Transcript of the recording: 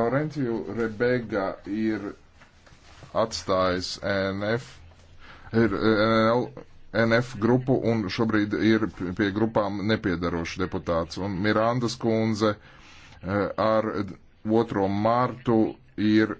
Laurenciju Rebega ir atstājis e NF, ir e NL, e NF grupu un šobrīd ir pie grupām nepiedarošs deputāts. Un Mirandas kundze ar 2. mārtu ir